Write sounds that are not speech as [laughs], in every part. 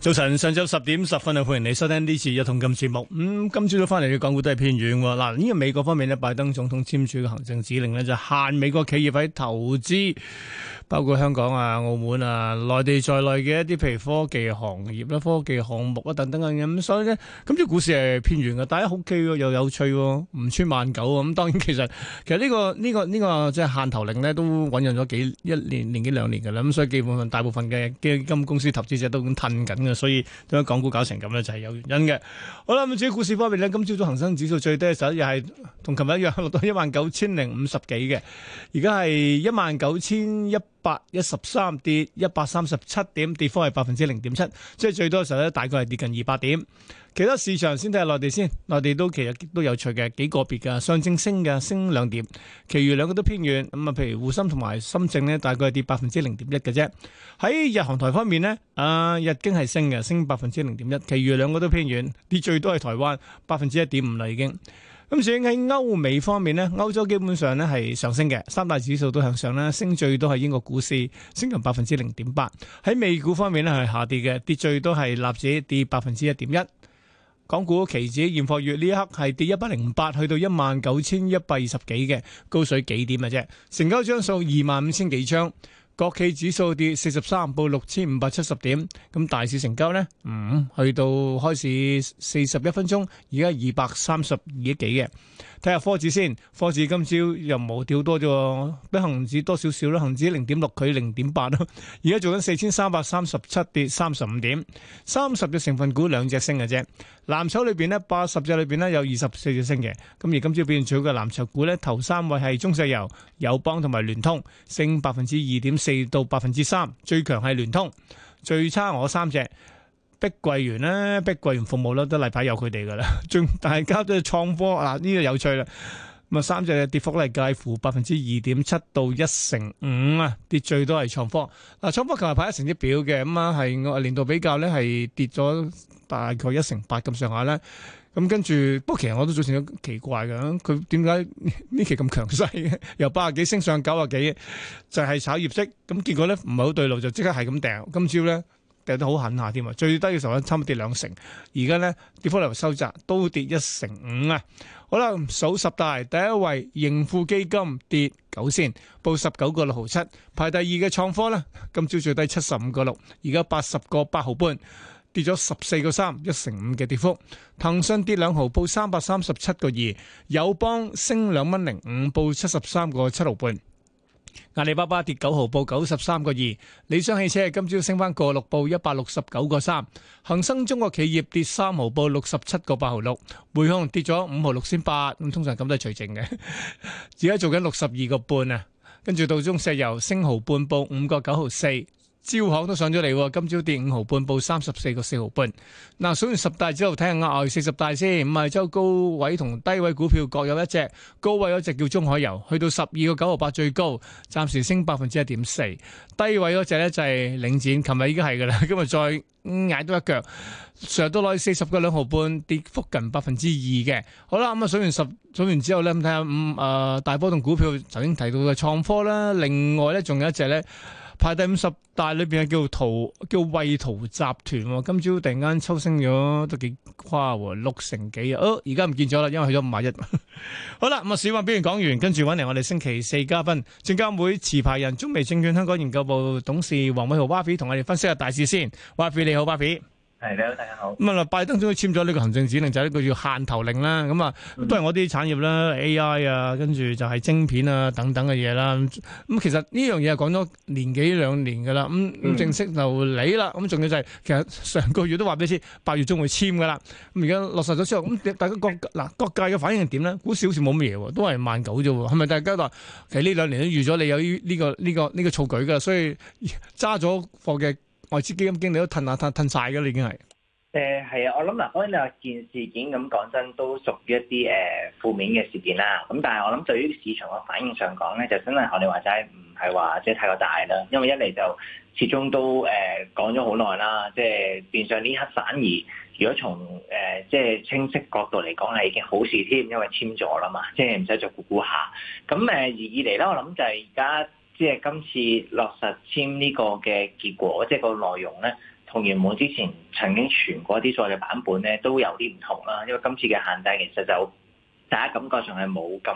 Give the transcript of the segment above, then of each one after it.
早晨，上晝十點十分啊，歡迎你收聽呢次一桶金節目。咁、嗯、今朝都翻嚟嘅港股都係偏軟。嗱，呢個美國方面咧，拜登總統簽署嘅行政指令咧，就是、限美國企業喺投資，包括香港啊、澳門啊、內地在內嘅一啲，譬如科技行業啦、科技項目啦等等，咁所以呢，咁啲股市係偏軟嘅，但係 OK 又有趣，唔穿萬九。咁、嗯、當然其，其實其實呢個呢、這個呢、這個、這個、即係限投令呢，都醞釀咗幾一年、年，年幾兩年嘅啦。咁所以，基本上大部分嘅基金公司投資者都咁褪緊。所以將港股搞成咁咧，就係有原因嘅。好啦，咁至於股市方面呢，今朝早恒生指數最低嘅時候又係同琴日一樣，落到一萬九千零五十幾嘅，而家係一萬九千一百一十三，跌一百三十七點，跌幅係百分之零點七，即係最多嘅時候咧，大概係跌近二百點。其他市場先睇下內地先，內地都其實都有趣嘅，幾個別嘅，上證升嘅，升兩點，其餘兩個都偏軟。咁啊，譬如滬深同埋深證呢，大概係跌百分之零點一嘅啫。喺日韓台方面呢，啊日經係升嘅，升百分之零點一，其餘兩個都偏軟，跌最多係台灣百分之一點五啦已經。咁至於喺歐美方面咧，歐洲基本上咧係上升嘅，三大指數都向上咧，升最多係英國股市，升近百分之零點八。喺美股方面咧係下跌嘅，跌最多係納指跌百分之一點一。港股期指現貨月呢一刻係跌一百零八，去到一萬九千一百二十幾嘅高水幾點嘅啫，成交張數二萬五千幾張。國企指數跌四十三，報六千五百七十點。咁大市成交呢，五、嗯、去到開始四十一分鐘，而家二百三十二億幾嘅。睇下科指先，科指今朝又冇掉多咗，比恒指多少少啦，恒指零點六，佢零點八囉。而家做緊四千三百三十七跌三十五點，三十隻成分股兩隻升嘅啫。藍籌裏邊呢，八十隻裏邊呢，有二十四隻升嘅，咁而今朝表現最好嘅藍籌股呢，頭三位係中石油、友邦同埋聯通，升百分之二點四到百分之三，最強係聯通，最差我三隻。碧桂園咧，碧桂園服務咧，都例牌有佢哋噶啦，仲大家都係創科嗱，呢、啊呢個有趣啦，咁啊三隻跌幅咧，係介乎百分之二點七到一成五啊，跌最多係創科，啊創科琴日排一成績表嘅，咁啊係年度比較咧，係跌咗大概一成八咁上下啦。咁、嗯、跟住，不過其實我都做成咗奇怪嘅，佢點解呢期咁強勢嘅，由八十幾升上九十幾，就係炒業績，咁結果咧唔係好對路，就即刻係咁掉，今朝咧。跌得好狠下添啊！最低嘅時候差唔多跌兩成，而家呢跌幅嚟收窄，都跌一成五啊！好啦，數十大第一位盈富基金跌九仙，報十九個六毫七；排第二嘅創科呢，今朝最低七十五個六，而家八十個八毫半，跌咗十四個三，一成五嘅跌幅。騰訊跌兩毫，報三百三十七個二；友邦升兩蚊零五，報七十三個七毫半。阿里巴巴跌九毫，報九十三個二，理想汽車今朝升翻個六，報一百六十九個三，恒生中國企業跌三毫，報六十七個八毫六，匯控跌咗五毫六先八，咁通常咁都係除淨嘅，而家做緊六十二個半啊，跟住到中石油升毫半，報五個九毫四。招行都上咗嚟，今朝跌五毫半，報三十四個四毫半。嗱，數完十大之後，睇下額外四十大先。五二周高位同低位股票各有一隻，高位嗰隻叫中海油，去到十二個九毫八最高，暫時升百分之一點四。低位嗰隻呢，就係領展，琴日已經係噶啦，今日再捱多一腳，成日都攞四十個兩毫半，跌幅近百分之二嘅。好啦，咁啊，數完十，數完之後呢，咁睇下五誒大波動股票，頭先提到嘅創科啦，另外呢，仲有一隻呢。排第五十大裏邊係叫圖叫惠圖集團，今朝突然間抽升咗，都幾誇喎，六成幾啊！哦，而家唔見咗啦，因為去咗五萬一。 [laughs] 好啦，咁啊，市話邊完講完，跟住揾嚟我哋星期四嘉賓證監會持牌人中美證券香港研究部董事黃偉豪，Wafi 同我哋分析下大市先。Wafi 你好，Wafi。W 係你好，大家好。咁啊，拜登終於簽咗呢個行政指令，就係、是、呢個叫限投令啦。咁、嗯、啊，嗯、都係我啲產業啦，AI 啊，跟住就係晶片啊等等嘅嘢啦。咁、嗯、其實呢樣嘢係講咗年幾兩年噶啦。咁、嗯、咁、嗯、正式就嚟啦。咁仲要就係、是、其實上個月都話俾你知，八月中會簽噶啦。咁而家落實咗之後，咁、嗯、大家各嗱各界嘅反應係點咧？估少少冇乜嘢，都係萬九啫。係咪大家話？其實呢兩年都預咗你有呢、這個呢、這個呢、這個措舉噶，所以揸咗貨嘅。我資基金經理都褪下褪褪晒㗎喇，已經係。誒、呃，係啊，我諗嗱，關於呢件事件咁講真，都屬於一啲誒負面嘅事件啦。咁但係我諗，對於市場嘅反應上講咧，就真係學你話齋，唔係話即係太過大啦。因為一嚟，就始終都誒講咗好耐啦，即、呃、係、就是、變相呢刻反而，如果從誒即係清晰角度嚟講，係一件好事添，因為簽咗啦嘛，即係唔使再估估下。咁誒，二嚟咧，我諗就係而家。即係今次落實簽呢個嘅結果，即係個內容咧，同原本之前曾經傳過啲所謂嘅版本咧，都有啲唔同啦。因為今次嘅限制其實就大家感覺上係冇咁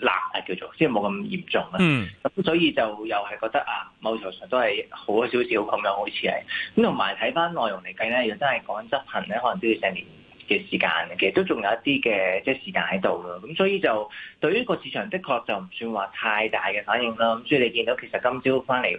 辣啊，叫做即係冇咁嚴重啦。咁、mm. 嗯、所以就又係覺得啊，某程度上都係好少少咁樣，好似係咁。同埋睇翻內容嚟計咧，如果真係講執行咧，可能都要成年。嘅時間其實都仲有一啲嘅即係時間喺度咯，咁所以就對於個市場的確就唔算話太大嘅反應啦。咁所以你見到其實今朝返嚟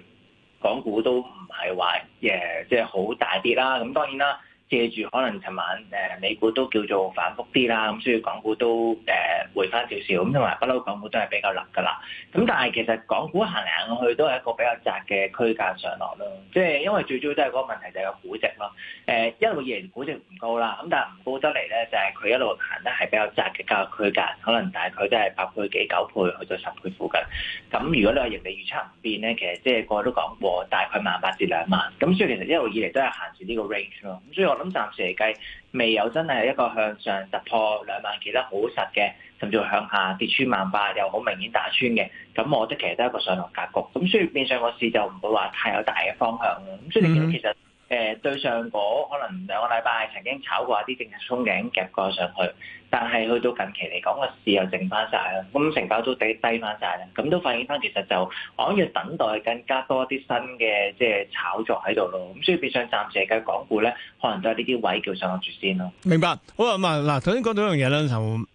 港股都唔係話誒即係好大跌啦。咁當然啦。借住可能尋晚誒、呃、美股都叫做反覆啲啦，咁、嗯、所以港股都誒、呃、回翻少少，咁同埋不嬲港股都係比較腍㗎啦。咁但係其實港股行嚟行去都係一個比較窄嘅區間上落咯，即係因為最主要都係嗰個問題就係、是、估值咯。誒、呃一，就是、一路以嚟估值唔高啦，咁但係唔高得嚟咧就係佢一路行得係比較窄嘅交易區間，可能大概都係百倍幾、九倍去到十倍附近。咁如果你話盈利預測唔變咧，其實即係個個都講過大概萬八至兩萬，咁所以其實一路以嚟都係行住呢個 range 咯。咁所以我咁暫時嚟計，未有真係一個向上突破兩萬幾得好實嘅，甚至乎向下跌穿萬八又好明顯打穿嘅，咁我覺得其實都係一個上落格局，咁所以變相個市就唔會話太有大嘅方向。咁所以你見到其實。誒對上嗰可能兩個禮拜曾經炒過一啲政治衝勁夾過上去，但係去到近期嚟講個市又剩翻晒啦，咁成交都低低翻曬啦，咁都反映翻其實就我諗要等待更加多啲新嘅即係炒作喺度咯，咁所以變相暫時嘅港股咧，可能都係呢啲位叫上得住先咯。明白好啊，咁啊，嗱，頭先講到一樣嘢咧，就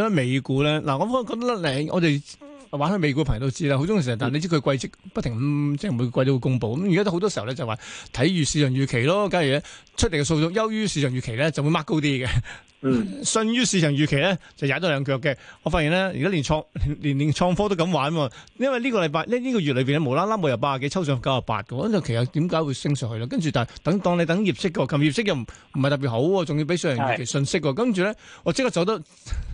咧美股咧嗱、那個，我覺得你。我哋。玩去美股，朋友都知啦。好中意成日，但係你知佢季績不停、嗯、即係每個季都會公布。咁而家都好多時候咧，就話睇預市場預期咯。假如出嚟嘅數數優於市場預期咧，就會掹高啲嘅。信、嗯、於市場預期咧，就踩咗兩腳嘅。我發現咧，而家連創連連創科都咁玩，因為呢個禮拜呢呢、呢個月裏邊無啦啦冇入八十幾，抽上九十八嘅。咁就其實點解會升上去咧？跟住但係等當你等業績嘅，咁業績又唔唔係特別好喎，仲要俾上場期信息喎。跟住咧，我即刻走得。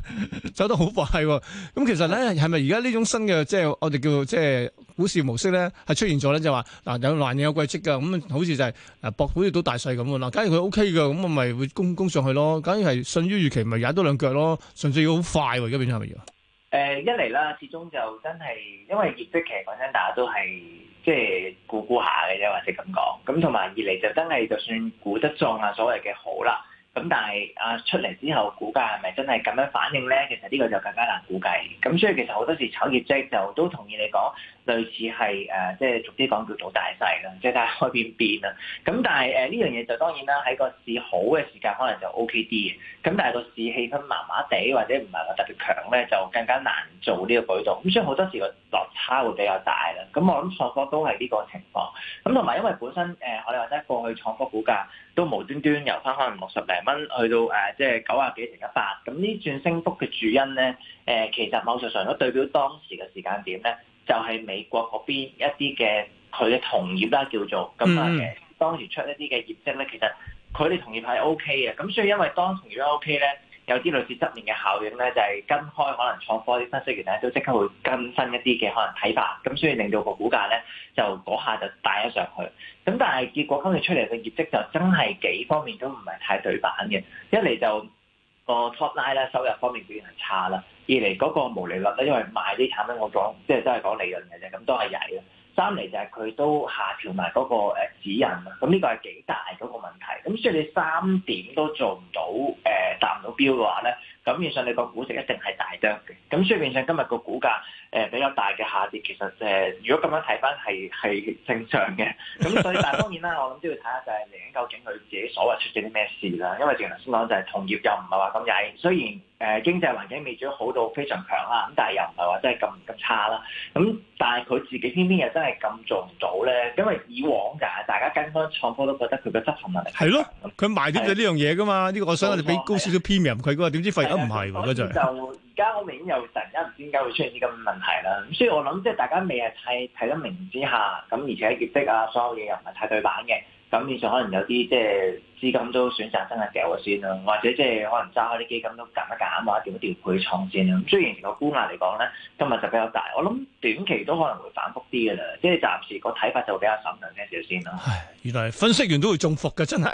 [laughs] [laughs] 走得好快喎，哦！咁，嗯、其實咧，係咪而家呢種新嘅即係我哋叫即係股市模式咧，係出現咗咧？就話，是，嗱，有難有季績嘅，咁，嗯、好似就係誒博，股亦都大細咁嘅嗱。假如佢 O K 嘅，咁，嗯、我咪會供供上去咯。假如係遜於預期，咪踩多兩腳咯。純粹要好快喎，啊，而家變係咪要。誒，呃，一嚟啦，始終就真係因為業績其實講真，大家都係即係估估下嘅啫，或者咁講。咁同埋二嚟就真係，就算估得撞下所謂嘅好啦。咁但係啊，出嚟之後股價係咪真係咁樣反應咧？其實呢個就更加難估計。咁所以其實好多時炒業績就都同意你講。類似係誒，即係逐啲講叫做大細啦，即係開變變啦。咁但係誒呢樣嘢就當然啦，喺個市好嘅時間可能就 O K 啲嘅。咁但係個市氣氛麻麻地或者唔係話特別強咧，就更加難做呢個舉動。咁所以好多時個落差會比較大啦。咁我諗創科都係呢個情況。咁同埋因為本身誒、呃，我哋話齋過去創科股價都無端端由翻可能六十零蚊去到誒，即係九啊幾成一百。咁呢轉升幅嘅主因咧，誒、呃、其實某程度上都代表當時嘅時間點咧。就係美國嗰邊一啲嘅佢嘅同業啦、啊，叫做咁啊，當年出一啲嘅業績咧，其實佢哋同業係 O K 嘅，咁所以因為當同業 O K 咧，有啲類似側面嘅效應咧，就係、是、跟開可能創科啲分析員咧都即刻會更新一啲嘅可能睇法，咁所以令到個股價咧就嗰下就帶咗上去，咁但係結果今次出嚟嘅業績就真係幾方面都唔係太對版嘅，一嚟就。個 top line 咧，收入方面表現係差啦，二嚟嗰個毛利率咧，因為賣啲產品我講即係、就是、都係講利潤嘅啫，咁都係曳嘅。三嚟就係佢都下調埋嗰個誒指引啦，咁呢個係幾大嗰個問題。咁所以你三點都做唔到，誒達唔到標嘅話咧，咁面上你個估值一定係大跌嘅，咁所以面上今日個股價誒、呃、比較大嘅下跌，其實誒、呃、如果咁樣睇翻係係正常嘅，咁所以 [laughs] 但係當然啦，我諗都要睇下就係嚟緊究竟佢自己所謂出咗啲咩事啦，因為正如頭先講就係同業又唔係話咁曳，雖然誒、呃、經濟環境未至好到非常強啦，咁但係又唔係話真係咁咁差啦，咁但係佢自己偏偏又真係咁做唔到咧，因為以往就係大家創科都覺得佢嘅執行能力係咯，佢賣點就呢樣嘢噶嘛。呢的個我想我哋俾高少少 premium，佢嗰個點知反而唔係喎，真係。而家我明經又突然間唔知點解會出現啲咁嘅問題啦，咁所以我諗即係大家未係太睇得明，明之下，咁而且業績啊，所有嘢又唔係太對版嘅，咁面上可能有啲即係資金都選擇真係掉咗先啦，或者即係可能揸開啲基金都減一減或者調調配倉先啦。咁雖然個估壓嚟講咧，今日就比較大，我諗短期都可能會反覆啲嘅啦，即係暫時個睇法就比較審慎啲少先啦。係原來分析員都會中伏嘅，真係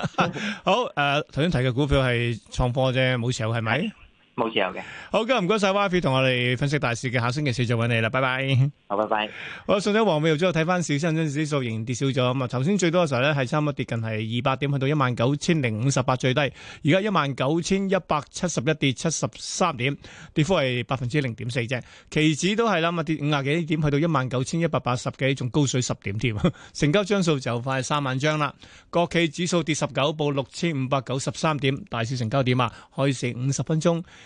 [laughs] 好誒！頭先提嘅股票係創科啫，冇錯係咪？是冇時候嘅，好嘅，唔該晒。y a f i 同我哋分析大市嘅，下星期四再揾你啦，拜拜。好，拜拜。我信咗黃偉豪再睇翻市，新新指數仍然跌少咗。咁啊，頭先最多嘅時候咧係差唔多跌近係二百點，去到一萬九千零五十八最低。而家一萬九千一百七十一跌七十三點，跌幅係百分之零點四啫。期指都係啦，咁啊跌五廿幾點，去到一萬九千一百八十幾，仲高水十點添。 [laughs] 成交張數就快三萬張啦。國企指數跌十九，報六千五百九十三點，大市成交點啊，開市五十分鐘。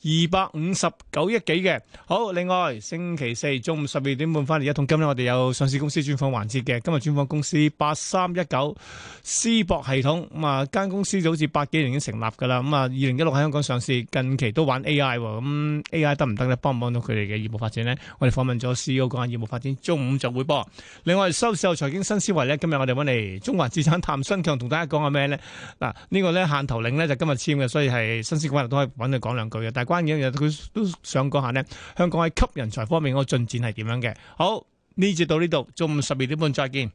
二百五十九億幾嘅，好。另外星期四中午十二點半翻嚟，一通。今日我哋有上市公司專訪環節嘅。今日專訪公司八三一九思博系統咁啊，間、嗯、公司就好似八幾年已經成立噶啦。咁、嗯、啊，二零一六喺香港上市，近期都玩 AI，咁、嗯、AI 得唔得咧？幫唔幫到佢哋嘅業務發展呢？我哋訪問咗 CEO 講下業務發展，中午就會播。另外收市後財經新思維呢，今日我哋揾嚟中華資產譚新強，同大家講下咩呢？嗱、啊、呢、這個呢，限頭令呢，就今日簽嘅，所以係新思維都可以揾佢講兩句嘅，但關鍵，佢都想講下香港喺吸人才方面個進展係點樣嘅？好，呢節到呢度，中午十二點半再見。